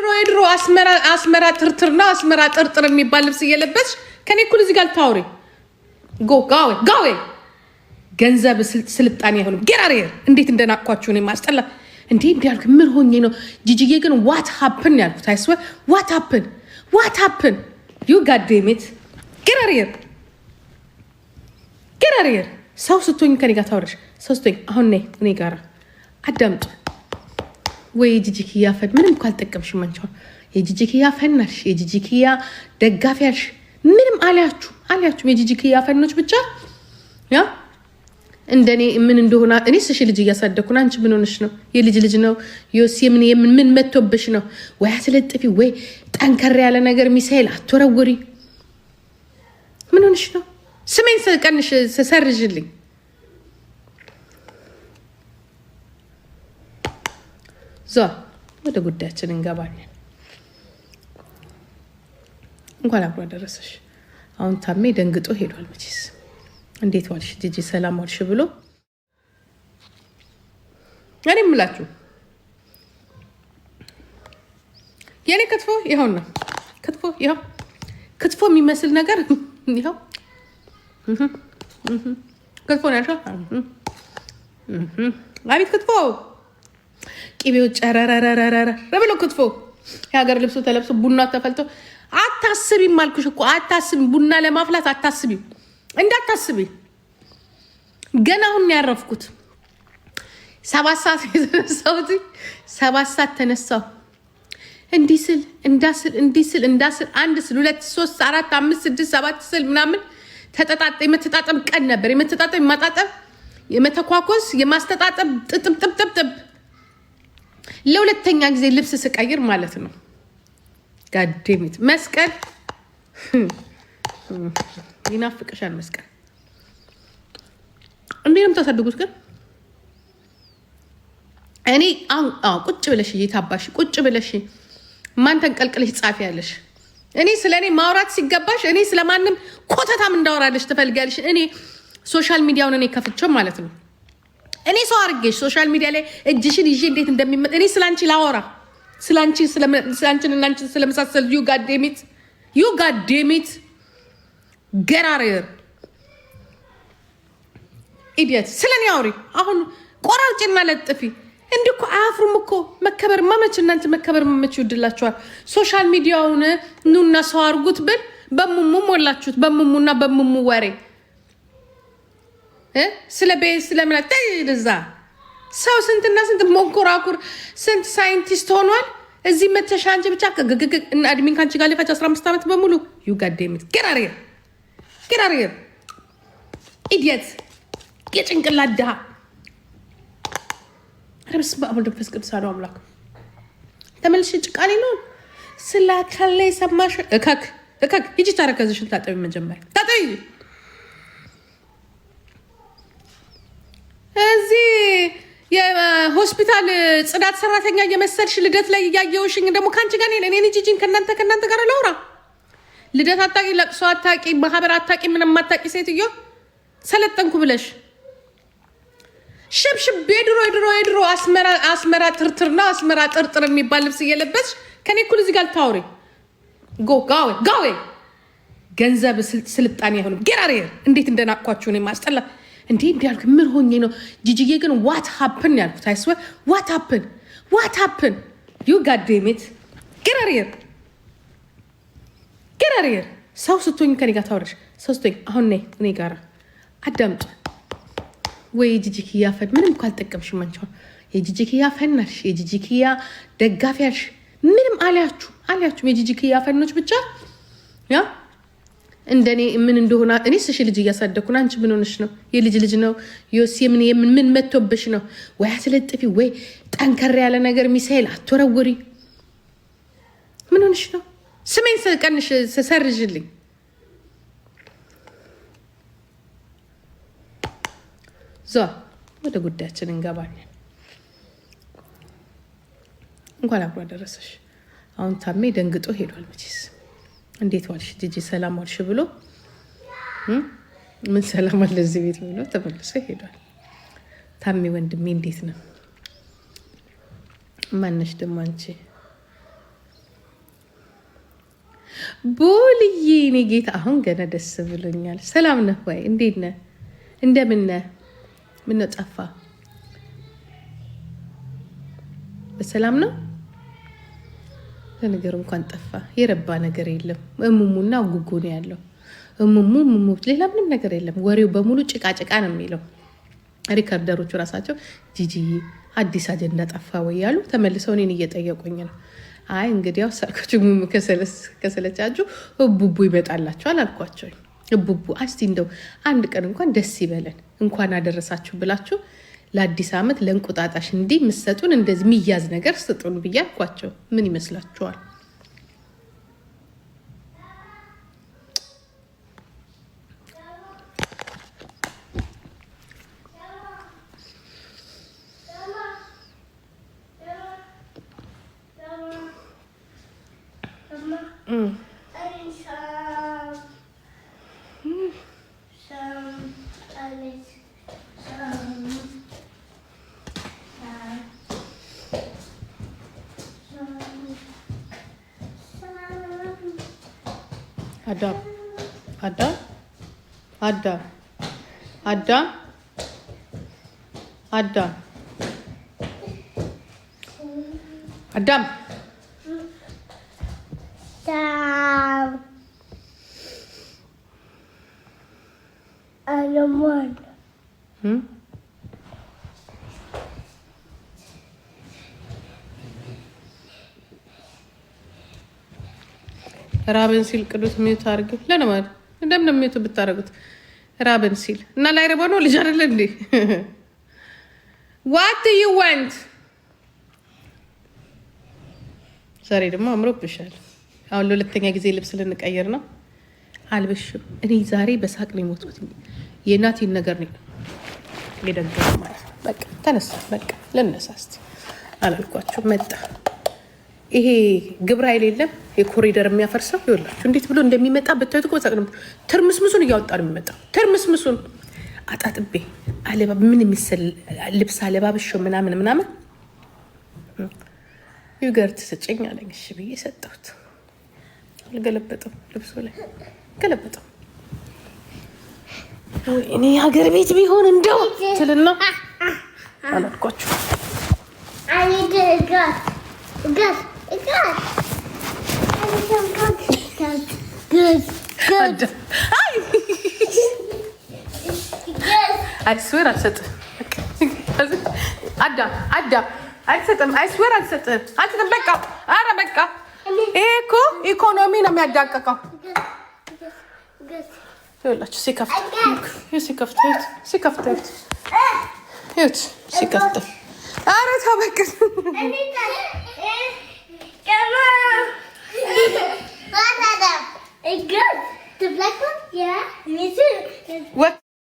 ድሮ የድሮ አስመራ ትርትርና አስመራ ጥርጥር የሚባል ልብስ እየለበስሽ ከኔ እኩል እዚህ ጋር ታውሪ ጎ ጋዌ ጋዌ ገንዘብ ስልጣኔ አይሆንም። ጌራር እንዴት እንደናቅኳችሁ ነው ማስጠላ እንዴ እንዲያልኩ ምን ሆኜ ነው? ጂጂዬ ግን ዋት ሀፕን ያልኩት አይስወ ዋት ሀፕን ዋት ሀፕን ዩ ጋዴሜት ጌራር ጌራር ሰው ስቶኝ ከኔ ጋር ታውረሽ ሰው ስቶኝ አሁን እኔ ጋራ አዳምጡ ወይ የጂጂኪያ ፈን ምንም እኮ አልጠቀምሽም። አንቺውን የጂጂኪያ ፈናሽ የጂጂኪያ ደጋፊያሽ ምንም አልያችሁም አልያችሁም። የጂጂኪያ ፈኖች ብቻ ያ እንደኔ ምን እንደሆነ እኔ ስሽ ልጅ እያሳደግኩን፣ አንቺ ምን ሆነሽ ነው? የልጅ ልጅ ነው ዮሲ። ምን ምን መቶብሽ ነው? ወይ አስለጥፊ፣ ወይ ጠንከር ያለ ነገር ሚሳኤል አትወረውሪ። ምን ሆነሽ ነው? ስሜን ቀንሽ ሰርዥልኝ ዛ ወደ ጉዳያችን እንገባለን። እንኳን አብሮ አደረሰሽ። አሁን ታሜ ደንግጦ ሄዷል። መቼስ እንዴት ዋልሽ ጂጂ፣ ሰላም ዋልሽ ብሎ እኔ የምላችሁ የኔ ክትፎ ይኸው ነው። ክትፎ ይኸው፣ ክትፎ የሚመስል ነገር ይኸው፣ ክትፎ ነው ያልሽው። አቤት ክትፎ ቅቤው ጨረረረረረ በብሎ ክትፎ የሀገር ልብሱ ተለብሶ ቡና ተፈልቶ አታስቢም አልኩሽ እኮ አታስቢም። ቡና ለማፍላት አታስቢም፣ እንዳታስቢ ገና አሁን ያረፍኩት ሰባት ሰዓት የተነሳሁት ሰባት ሰዓት ተነሳሁ። እንዲህ ስል እንዳስል እንዲህ ስል እንዳስል አንድ ስል ሁለት ሶስት አራት አምስት ስድስት ሰባት ስል ምናምን ተጠጣጠ የመተጣጠብ ቀን ነበር። የመተጣጠብ የማጣጠብ የመተኳኮስ የማስተጣጠብ ጥጥብጥብጥብጥብ ለሁለተኛ ጊዜ ልብስ ስቀይር ማለት ነው። ጋዴሚት መስቀል ይናፍቅሻል። መስቀል እንዴት ነው የምታሳድጉት ግን? እኔ ቁጭ ብለሽ እየታባሽ ቁጭ ብለሽ ማን ተንቀልቅለሽ ጻፊ ያለሽ እኔ ስለ እኔ ማውራት ሲገባሽ እኔ ስለማንም ኮተታም እንዳወራለሽ ትፈልጋለሽ። እኔ ሶሻል ሚዲያውን እኔ ከፍቼው ማለት ነው እኔ ሰው አድርጌሽ ሶሻል ሚዲያ ላይ እጅሽን ይዤ እንዴት እንደሚመጣ እኔ ስላንቺ ላወራ ስላንቺን እናንቺን ስለመሳሰል ዩ ጋዴሚት ዩ ጋዴሚት ገራሬር ኢዲየት አውሪ። አሁን ቆራርጭና ለጥፊ። እንዲህ እኮ አያፍሩም እኮ መከበር መመች እናንተ መከበር መመች ይወድላችኋል። ሶሻል ሚዲያውን ኑና ሰው አድርጉት ብል በሙሙ ሞላችሁት። በሙሙና በሙሙ ወሬ ስለ ቤት ስለምላ እዛ ሰው ስንትና ስንት መንኮራኩር ስንት ሳይንቲስት ሆኗል። እዚህ መተሻ አንቺ ብቻ ግግግ እና እድሜን ከአንቺ ጋር ሊፈጅ 15 ዓመት በሙሉ ዩጋዴምት ጌራሬር ጌራሬር ኢድየት የጭንቅላት ድሃ ረብስ በአሙል ደፈስ ቅዱስ አሉ አምላክ ተመልሽ ጭቃሊ ነው ስለ አካል ሰማሽ እከክ እከክ ሂጂ ታረከዝሽን ታጠቢ መጀመሪያ ታጠቢ ሆስፒታል ጽዳት ሰራተኛ የመሰልሽ ልደት ላይ እያየውሽኝ ደግሞ ከአንቺ ጋር እኔን ጂጂን ከእናንተ ከእናንተ ጋር ለውራ ልደት አታቂ፣ ለቅሶ አታቂ፣ ማህበር አታቂ፣ ምንም አታቂ ሴትዮ ሰለጠንኩ ብለሽ ሽብሽብ የድሮ የድሮ የድሮ አስመራ ትርትርና አስመራ ጥርጥር የሚባል ልብስ እየለበስሽ ከኔ እኩል እዚህ ጋር ልታወሪ ጎ ጋዌ ጋዌ ገንዘብ ስልጣኔ አይሆንም። ጌራሬር እንዴት እንደናቅኳችሁ እኔ ማስጠላ እንዴ እንዲ ያልኩ ምን ሆኜ ነው? ጂጂዬ ግን ዋት ሀፕን ያልኩት አይስወ ዋት ሀፕን ዋት ሀፕን ዩ ጋዴሜት ግረርር ግረርር ሰው ስቶኝ ከኔ ጋር ታውረሽ ሰው ስቶኝ አሁን ነይ እኔ ጋር አዳምጡ። ወይ የጂጂክያ ፈን ምንም እኮ አልጠቀምሽም። አንቺውን የጂጂክያ ፈን አልሽ፣ የጂጂክያ ደጋፊ አልሽ። ምንም አልያችሁ አልያችሁም። የጂጂክያ ፈኖች ብቻ ያ እንደኔ ምን እንደሆነ እኔ ስሽ ልጅ እያሳደግኩን፣ አንቺ ምን ሆነሽ ነው? የልጅ ልጅ ነው። ዮሴ ምን መቶብሽ ነው? ወይ አስለጥፊ፣ ወይ ጠንከር ያለ ነገር ሚሳኤል አትወረውሪ። ምን ሆነሽ ነው? ስሜን ቀንሽ ሰርዥልኝ። ዛ ወደ ጉዳያችን እንገባለን። እንኳን አብሮ አደረሰሽ። አሁን ታሜ ደንግጦ ሄዷል መቼስ እንዴት ዋልሽ ጂጂ፣ ሰላም ዋልሽ ብሎ ምን ሰላም አለ እዚህ ቤት ብሎ ተመልሶ ይሄዷል። ታሜ ወንድሜ እንዴት ነው? ማነሽ ደሞ አንቺ ቦልዬ፣ እኔ ጌታ አሁን ገና ደስ ብሎኛል። ሰላም ነህ ወይ? እንዴት ነህ? እንደምን ነህ? ምነው ጠፋ? በሰላም ነው ለነገሩ እንኳን ጠፋ። የረባ ነገር የለም። እሙሙና ጉጉ ነው ያለው። እሙሙ እሙሙ፣ ሌላ ምንም ነገር የለም። ወሬው በሙሉ ጭቃ ጭቃ ነው የሚለው። ሪከርደሮቹ ራሳቸው ጂጂ አዲስ አጀንዳ ጠፋ ወይ ያሉ ተመልሰው እኔን እየጠየቁኝ ነው። አይ እንግዲያው ሳርኮች ከሰለቻችሁ እቡቡ ይመጣላችኋል አልኳቸው። እቡቡ አስቲ እንደው አንድ ቀን እንኳን ደስ ይበለን እንኳን አደረሳችሁ ብላችሁ ለአዲስ ዓመት ለእንቁጣጣሽ እንዲህ ምሰጡን እንደዚህ የሚያዝ ነገር ስጡን ብዬ አልኳቸው። ምን ይመስላችኋል? Adam, Adam, Adam, Adam, Adam, Adam. Adab. Adab. Down. Animal. Hmm? ራበን ሲል ቅዱስ ሚዩት አድርግ ለነማድ እንደምን ሚዩት ብታደረጉት ራበን ሲል እና ላይ ረበኖ ልጅ አይደለ እንዴ? ዋት ዩ ወንት ዛሬ ደግሞ አምሮብሻል። አሁን ለሁለተኛ ጊዜ ልብስ ልንቀይር ነው። አልብሽ እኔ ዛሬ በሳቅ ነው የሞትኩት። የእናቴን ነገር ነው የደገ ማለት ነው። በቃ ተነሳ፣ በቃ ልነሳስት አላልኳቸው መጣ ይሄ ግብረ ኃይል የኮሪደር የሚያፈርሰው ይወላችሁ እንዴት ብሎ እንደሚመጣ ብታዩት እኮ ሳቅ ትርምስምሱን እያወጣ ነው የሚመጣ ትርምስምሱን አጣጥቤ ምን የሚስል ልብስ አለባብሾ ምናምን ምናምን ዩገር ትስጭኝ አለኝ። እሺ ብዬ ሰጠሁት። ገለበጠው፣ ልብሱ ላይ ገለበጠው። እኔ ሀገር ቤት ቢሆን እንደው ትልና አላልኳችሁ አይስዌር አልሰጥም። አዳም አዳም አልሰጥም። አይስዌር አልሰጥም። አልሰጥም። በቃ ኧረ በቃ ይሄ እኮ ኢኮኖሚ ነው የሚያዳቀቀው። ይኸውላችሁ ሲከፍት ሲከፍት ሲከፍት ኧረ ተው በቃ What? The black one? Yeah. Me too. What?